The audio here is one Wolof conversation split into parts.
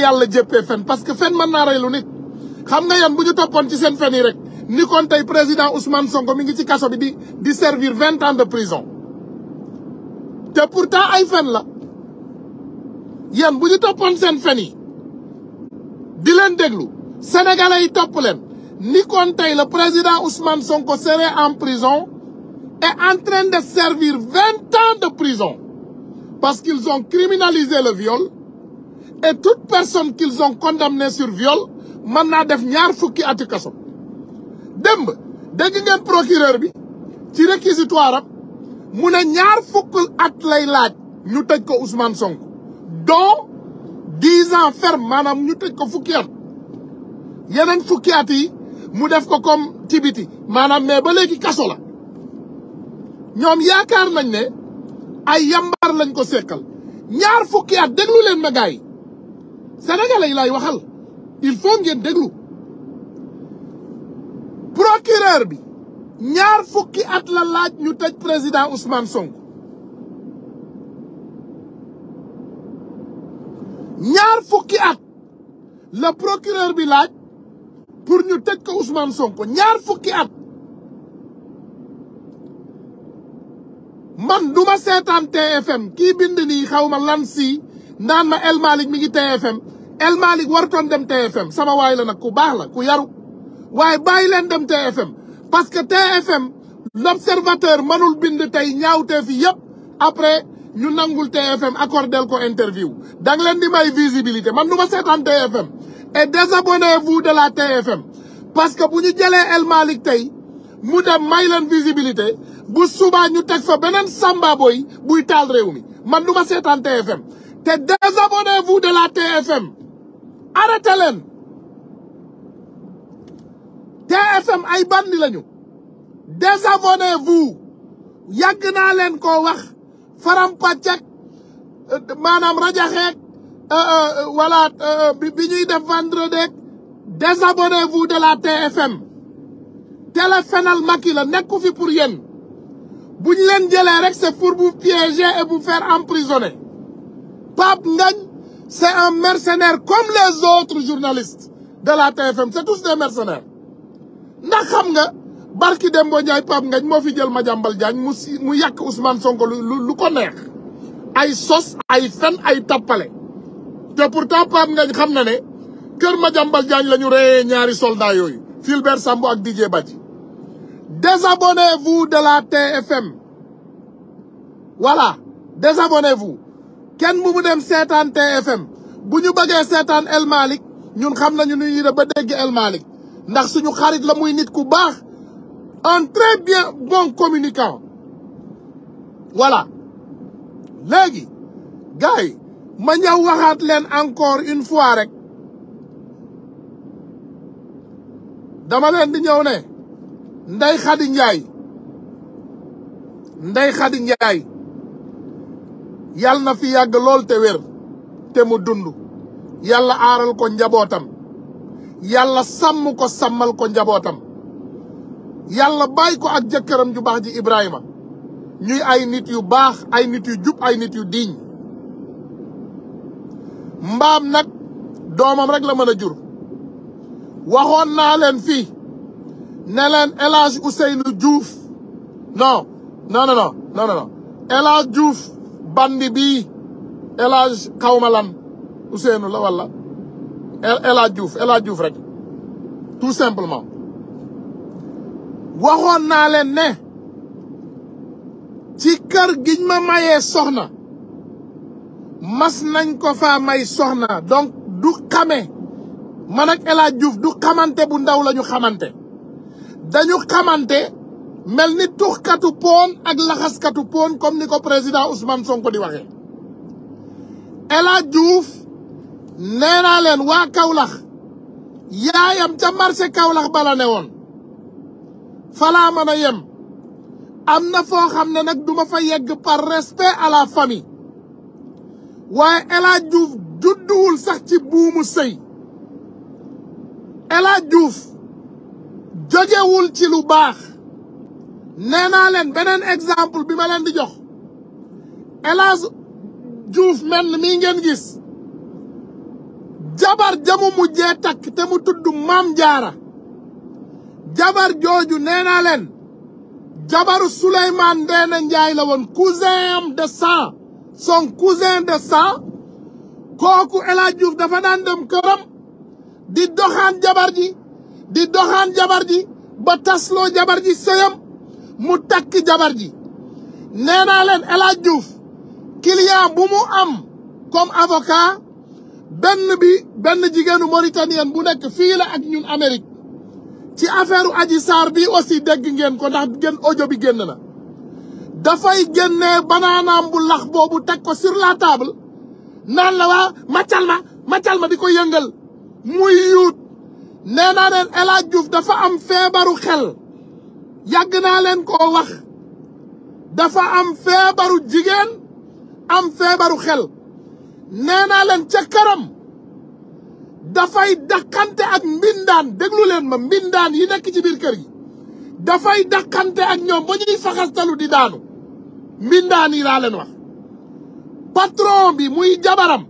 yàlla jëppee fen parce que fen mën naa rey nit xam nga yan bu ñu toppoon ci seen fen yi rek ni tey président Ousmane Sonko mi ngi ci kaso bi di servir vingt ans de prison te pourtant ay fen la yan bu ñu toppoon seen fen yi di leen déglu sénégalais yi topp leen ni kon tey le président Ousmane Sonko serait en prison et en train de servir vingt ans de prison parce qu'ils ont criminalisé le viol e toute personne qu'ils ont condamnée sur viol mën naa def ñaar fukki ati kaso démb degg ngeen procureur bi ci réquisitoire am mu ne ñaar fukk at lay laaj ñu tëj ko Ousmane Sonko dont dix ans ferme maanaam ñu tëj ko fukki at yeneen fukki at yi mu def ko comme ci biti maanaam mais ba léegi kaso la ñoom yaakaar nañ ne ay yambaar lañ ko sekkal ñaar fukki at déglu leen yi sénégalais yi laay waxal il faut ngeen déglu procureur bi ñaar fukki at la laaj ñu tej président Ousmane Sonko ñaar fukki at la procureur bi laaj pour ñu tëj ko Ousmane Sonko ñaar fukki at man du ma seetaan TFM kii bind nii xaw ma lan ndaan na El Malick mi ngi TFM El Malick warutoon dem TFM sama waay la nag ku baax la ku yaru waaye bàyyi leen dem TFM parce que TFM l'observateur mënul bind tey ñaawtee fi yëpp après ñu nangul TFM del ko interview dang leen di may visibilité man du ma seetaan TFM et désabonnez-vous de la TFM parce que bu ñu jëlee El Malick tey mu dem may leen visibilité bu subaa ñu teg fa beneen samba boy buy taal réew man du ma seetaan TFM te désabonnez-vous de la TFM arrêtez leen TFM ay bandi lañu désabonnez-vous yàgg naa leen ko wax faram-pàcceg euh, maanaam rajaxeeg euh, euh, voilà bi ñuy def vendredi désabonnez-vous de la TFM télé fenal Macky la nekku fi pour yéen bu ñu leen jëlee rek c'est pour vous piéger et vous faire Pape Ngagne c'est un mercenaire comme les autres journalistes de la TFM c'est tous des mercenaires ndax xam nga barki dem Ndiaye Pape ngañ moo fi jël Madiambal Diagne mu si mu yàq Ousmane Sonko lu ko neex ay sos ay fen ay tappale te pourtant Pape Ngagne xam na ne kër Madiambal Diagne la ñu reyee ñaari soldats yooyu Fulbert Sambou ak Didier Badji désabonnez-vous de la TFM voilà désabonnez-vous kenn mu mu dem seetaan TFM bu ñu bëggee seetaan El Malick ñun xam nañu nu ñuy def ba dégg El Malick ndax suñu xarit la muy nit ku baax un très bien bon communicant voilà léegi gars yi ma ñëw waxaat leen encore une fois rek dama leen di ñëw ne Ndeye Khady Ndiaye Ndeye Khady Ndiaye yàlla na fi yàgg lool te wér te mu dund yàlla aaral ko njabootam yàlla sàmm ko sàmmal ko njabootam yàlla bàyyi ko ak jëkkëram ju baax ji Ibrahima ñuy ay nit yu baax ay nit yu jub ay nit yu diiñ mbaam nag doomam rek la mën a jur waxoon naa leen fii ne leen El Hadj Ousseynou Diouf non non non non bandi bii El Hadj xawma lan Ousseynou la wala El Hadj Diouf El tout simplement waxoon naa leen ne si kër gi giñ ma mayee soxna mas nañ ko faa may soxna donc du xame man ak El Hadj du kamante bu ndaw la ñu xamante dañu xamante mel ni tuxkatu poon ak laxaskatu poon comme ni ko président Ousmane Sonko di waxee El juuf Diouf waa kawlax yaayam ca marché Kaolack bala ne woon falaa mën yem am na foo xam ne nag duma fa yegg par respect à la famille waaye El Hadj judduwul sax ci buumu sëy El Hadj Diouf ci lu baax nee naa beneen exemple bi ma leen di jox El Hadj Diouf mel mii gis jabar jamu mujjee takk te mu tudd Maam Jaara jabar jooju nee jabaru Souleymane Ndeena Njaay la woon cousin am de sang son cousin de kooku El Hadj dafa daan dem këram di doxaan jabar di doxaan jabar ba tasloo jabar sëyam mu takk jabar ji nee naa leen El Hadj Diouf client bu mu am kom avocat benn bi benn jigéenu mauritanienne bu nekk fii la ak ñun Amérique ci affaire Adji Sarr bi aussi dégg ngeen ko ndax gën bi génn na dafay génnee banaanaam bu boobu teg ko sur la table naan la ma macal di ko yëngal muy yuut nee naa dafa am feebaru xel yàgg naa leen koo wax dafa am feebaru jigéen am feebaru xel nee naa leen ca këram dafay dàqante ak mbindaan déglu leen ma mbindaan yi nekk ci biir kër gi dafay dàqante ak ñoom ba ñuy faxastalu di daanu mbindaan yi laa leen wax patron bi muy jabaram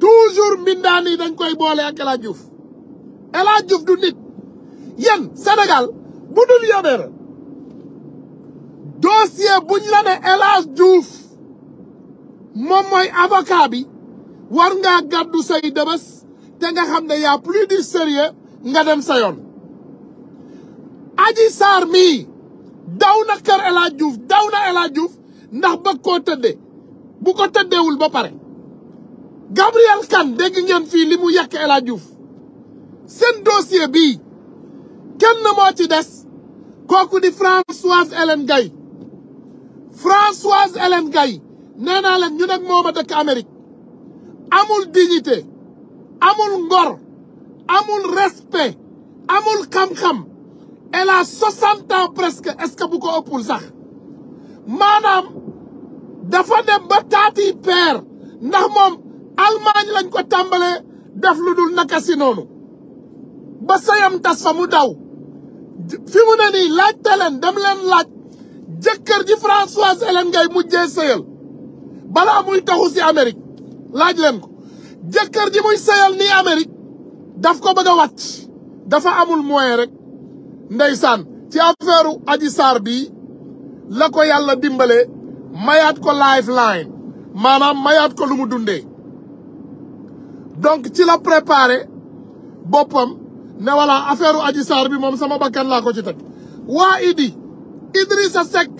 toujours mbindaan yi dañ koy boole ak El Hadj Diouf El Hadj Diouf du nit yéen Sénégal bu dul yabeel dossier buñ la moom mooy avocat war nga gàddu say dëbës te nga xam ne y'a plus du sérieux nga dem sa yoon Adji mii daw na kër El Hadj daw na El Hadj ndax bëgg koo tëddee bu ko tëddeewul ba pare Gabriel Kane dégg fii li mu yàq El Hadj Diouf seen dossier bii kenn moo ci des kooku di Françoise Hélène Gaye Françoise Hélène Gaye nee naa leen ñu nag mooma dëkk Amérique amul dignité amul ngor amul respect amul xam-xam elle a soixante ans presque est-ce que bu ëppul sax maanaam dafa dem ba taati peer ndax moom Allemagne lañ ko tàmbalee def lu dul naka si noonu ba sayam tas fa mu daw fi mu ne nii laajte leen leen laaj jëkkër ji Françoise Hélène Gaye mujjee sëyal balaa muy taxu si Amérique laaj leen ko jëkkër ji muy sëyal nii Amérique daf ko bëgg a dafa amul moyen rek ndeysaan ci affaire u Adji Sarr bii la ko yàlla dimbale mayaat ko lifeline maanaam mayaat ko lu mu dundee donc ci la préparé boppam ne voilà affaire u Adji bi moom sama bakkan laa ko ci teg waa idi Idrissa Seck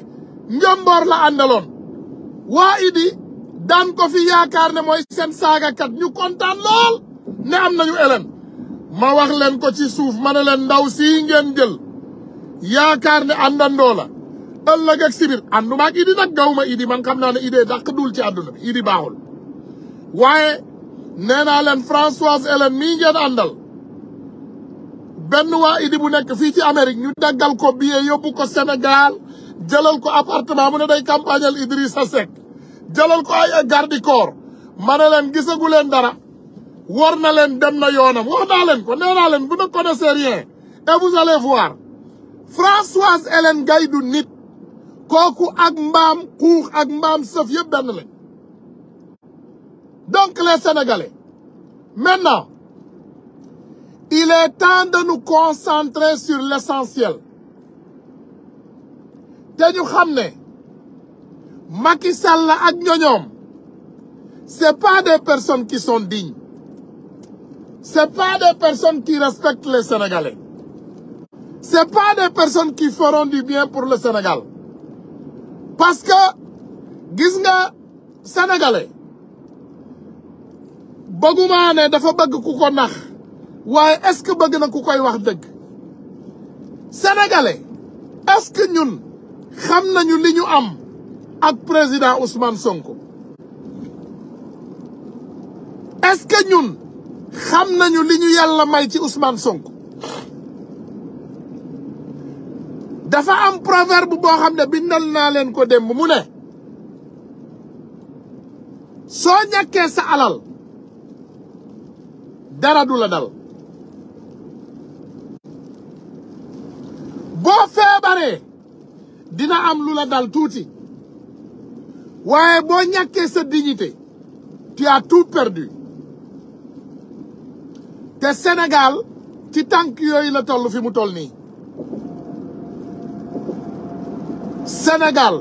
njomboor la àndaloon waa idi daan ko fi yaakaar ne mooy seen saagakat ñu kontaan lool ne am nañu Hélène ma wax leen ko ci suuf ma ne leen ndaw sii ngeen jël yaakaar ne àndandoo la ëllëg ak sibir ànduma ak idi nag ma idi man xam naa ne idée dàq ci àdduna bi idi baaxul waaye nee naa leen Françoise Hélène mii ngeen àndal benn waa idi bu nekk fii ci Amérique ñu daggal ko billet yóbbu ko Sénégal jëlal ko appartement mu ne day campagnal Idrissa Seck jëlal ko ay garde corps ma ne leen gisagu leen dara war na leen dem na yoonam wax leen ko nee naa leen bu ne connaissez rien et vous allez du nit kooku ak mbaam xuux ak mbaam sëf yëpp benn lañ donc les Sénégalais Il est temps de nous concentrer sur l'essentiel te ñu xam ne Macky Sall ak ñoñoom c'est pas des personnes qui sont dignes c'est pas des personnes qui respectent les Sénégalais c'est pas des personnes qui feront du bien pour le Sénégal parce que gis nga Sénégalais bëgguma ne dafa bëgg ku ko nax waaye est-ce que bëgg na ku koy wax dëgg senegale est que ñun xam nañu li ñu am ak président Ousmane Sonko est que ñun xam nañu li ñu yàlla may ci Ousmane Sonko dafa am proverbe boo xam ne bindal naa leen ko démb mu ne soo ñàkkee sa alal dara du la dal dina am lu la dal tuuti waaye boo ñàkkee sa dignité tu as tout perdu te Sénégal ci tànk yooyu la toll fi mu toll nii Sénégal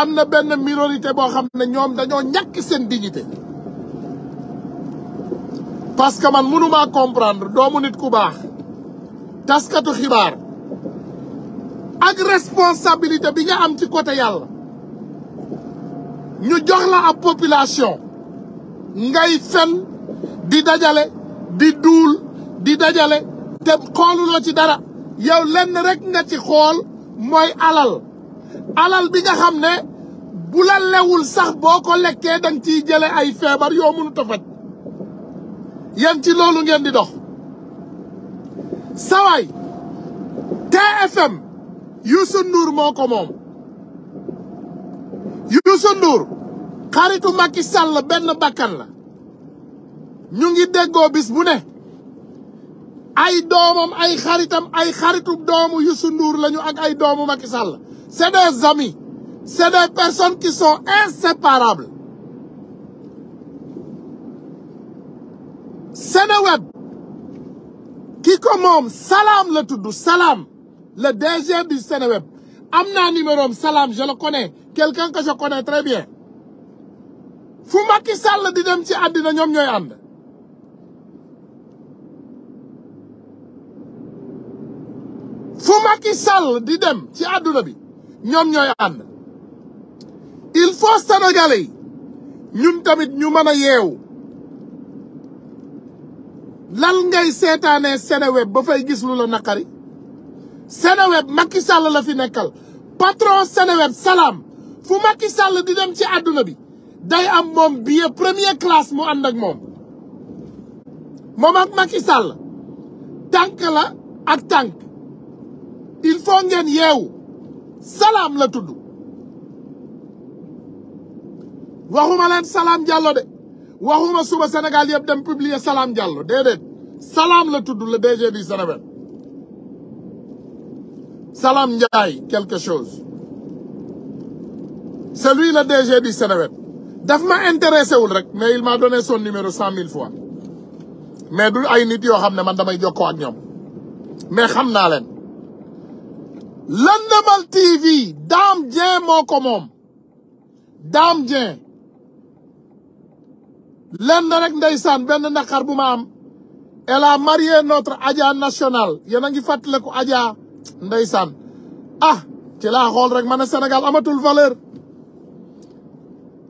am na benn minorité boo xam ne ñoom dañoo ñàkk seen dignité parce que man mënumaa comprendre doomu nit ku baax taskatu xibaar ak responsabilité bi nga am ci côté yàlla ñu jox la ab population ngay fen di dajale di duul di dajale te xooluloo ci dara yow lenn rekk nga ci xool mooy alal alal bi nga xam ne bu la lewul sax boo ko lekkee danga ciy jële ay feebar yoo mënut a faj ci loolu ngeen di dox sawaay TFM Youssou Ndour moo ko moom Youssou Ndour xaritu Macky Sall benn bakkan la ñu ngi déggoo bis bu ne ay doomam ay xaritam ay xaritu doomu Youssou Ndour lañu ak ay doomu Macky Sall c'est des amis c'est des personnes qui sont inséparables Seneweb ki ko moom salaam la tudd salaam le DG du Sénéweb am naa numéro Salam je le connais quelqu'un que je connais très bien fu Macky Sall di dem ci àddina ñoom ñooy ànd fu Macky Sall di dem ci àdduna bi ñoom ñooy ànd il faut Sénégalais yi ñun tamit ñu mën a yeewu lan ngay seetaanee Seneweb ba fay gis lu la naqari Seneweb Macky Sall la fi nekkal patron Seneweb salaam fu Macky di dem ci àdduna bi day am moom billet première classe mu ànd moom moom ak Macky tànk la ak tànk il faut ngeen yeewu salaam la tudd waxuma leen salaam Diallo de waxuma suba Sénégal yëpp dem publier salaam Diallo déedéet salaam la tudd le DG du Seneweb Salam Ndiaye quelque chose c'est lui le DG du Seneweb daf ma intéressé wul rek mais il m'a donné son numéro cent mille fois mais du ay nit yoo xam ne man damay jokkoo ak ñoom mais xam naa leen Lëndëmal TV Dame Dieng moo ko moom Dame Dieng lenn rek ndeysaan benn naqar bu ma am elle a notre Adja nationale yéen a ngi fàttaliku Adja ndeysaan ah ci laa xool rek ma ne Sénégal amatul valeur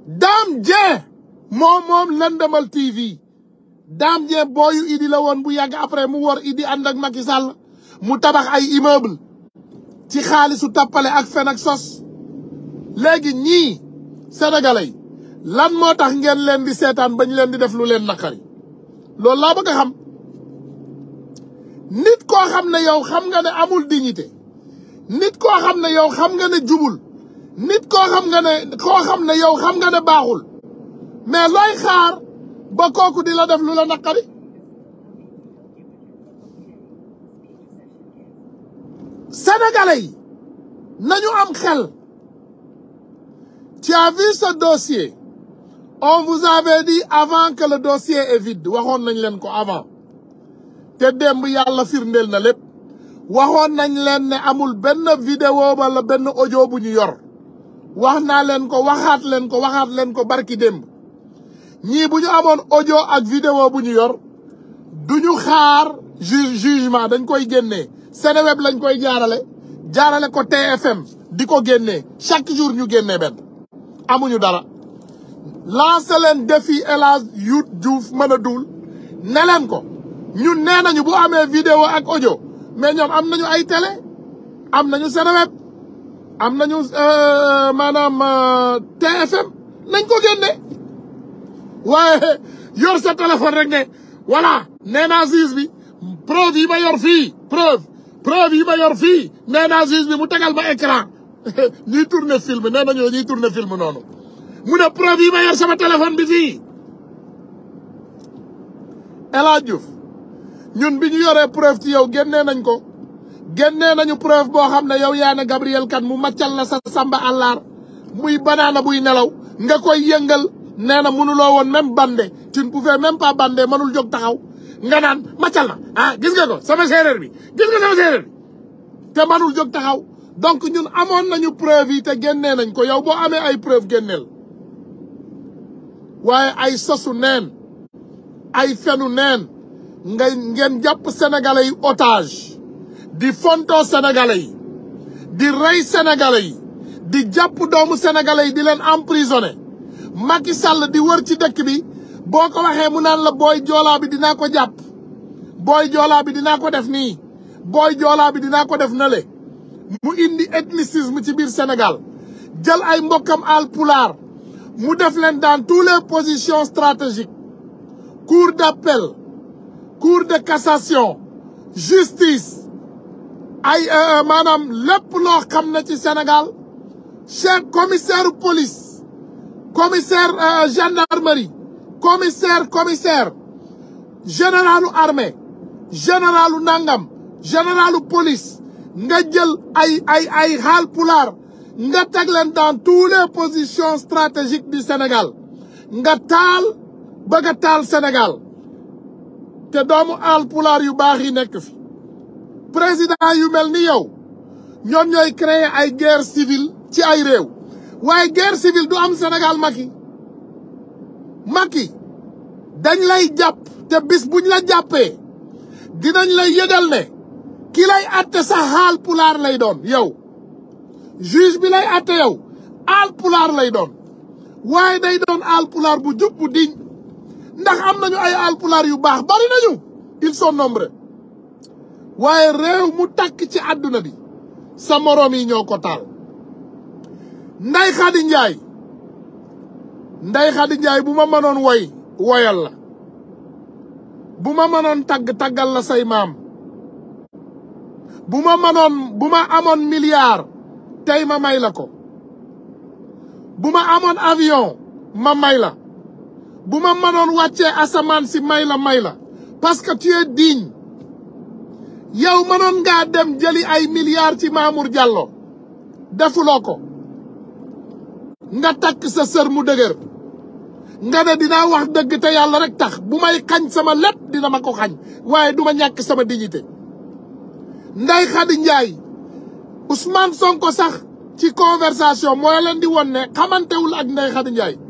Dame Dieng moom moom Lëndëmal TV Dame Dieng booyu Idi la woon bu yàgg après mu wor Idi ànd ak Macky sàll mu tabax ay immeuble ci xaalisu tappale ak fen ak sos léegi ñii sénégalais lan moo tax ngeen leen di seetaan bañ leen di def lu leen naqari loolu laa bëgg a xam nit koo xam ne yow xam nga ne amul dignité nit koo xam ne yow xam nga ne jubul nit koo xam nga ne koo xam yow xam nga ne baaxul mais looy xaar ba kooku di la def lu la naqari sénégalais yi nañu am xel tu a vu ce dossier on vous avait dit avant que le dossier waxoon nañu leen ko avant te démb yàlla firndeel na lépp waxoon nañ leen ne amul benn vidéo wala benn audio bu ñu yor wax naa leen ko waxaat leen ko waxaat leen ko barki démb ñii bu ñu amoon audio ak vidéo bu ñu yor du ñu xaar jugement dañ koy génnee Seneweb lañ koy jaarale jaarale ko TFM di ko génnee chaque jour ñu génnee benn amuñu dara lancé leen défi El Hadj Diouf mën a duul ne leen ko ñun nee ñu bu amee vidéo ak ojo mais ñoom am nañu ay télé am nañu Seneweb am nañu euh, maanaam euh, TFM nañ ko génne waaye yor sa téléphone rek ne voilà nee naa juge bi preuve yi ma yor fii preuve preuve yi ma yor fii nee naa juge bi mu tegal ma écran ñuy tourner film nee nañu ñuy tourner film noonu mu ne preuve yi ma yor sama téléphone bi fii El Hadj Diouf ñun bi ñu yoree preuve ci yow génnee nañ ko génnee nañu preuve boo xam ne yow yaa ne Gabriel Kane mu màccal la sa samba àllaar muy banaana buy nelaw nga koy yëngal nee na mënuloo woon même bande tu ne pouvais même pas bande mënul jóg taxaw nga naan màccal na ah gis nga ko sama séeréer bi gis nga sama séeréer te mënul jóg taxaw donc ñun amoon nañu preuve yi te génnee nañ ko yow boo amee ay preuve génneel waaye ay sosu neen ay fenu neen ngay ngeen jàpp sénégalais yi otage di fonto sénégalais yi di rey sénégalais yi di jàpp doomu sénégalais yi di leen emprisonné Macky Sall di wër ci dëkk bi boo ko waxee mu naan la booy joolaa bi dinaa ko jàpp booy joolaa bi dinaa ko def nii booy joolaa bi dinaa ko def nale mu indi ethnicisme ci biir Sénégal jël ay mbokkam alpulaar mu def leen dans toutes les positions stratégiques cour d'appel cour de cassation justice ay euh, euh, maanaam lépp loo xam ne ci senegal chef commissaire police commissaire euh, gendarmerie commissaire commissaire généralu armée généralu nangam généralu polis nga jël ay ay ay xaal pulaar nga teg leen dans toutes les positions stratégiques du Sénégal nga taal bëgg taal Sénégal te doomu alpulaar yu baax yi nekk fi président yu mel ni yow ñoom ñooy créer ay guerre civile ci ay réew waaye guerre civile du am Sénégal Macky Macky dañ lay jàpp te bis buñ la jàppee dinañ lay yëgal ne ki lay atte sa xaal pulaar lay doon yow juge bi lay atte yow aal pulaar lay doon waaye day doon aal bu jub bu diñ ndax am nañu ay alpulaar yu baax bari nañu ils sont nombreux waaye réew mu takk ci àdduna bi sa moroom yi ñoo ko taal nday xadi nday xadi bu ma mënoon woy woyal la bu ma mënoon tagg taggal la say maam bu ma mënoon bu ma amoon milliard tey ma may la ko bu ma amoon avion ma may la bu ma mënoon wàccee asamaan si may la may la parce que tu es yow mënoon ngaa dem jëli ay milliards ci Mamour Diallo defuloo ko nga takk sa sër mu dëgër nga ne dinaa wax dëgg te yàlla rek tax bu may xañ sama lépp dina ma ko xañ waaye du ma ñàkk sama dignité Ndeye Khady Ndiaye Sonko sax ci conversation mooy leen di won xamantewul ak Ndeye Khady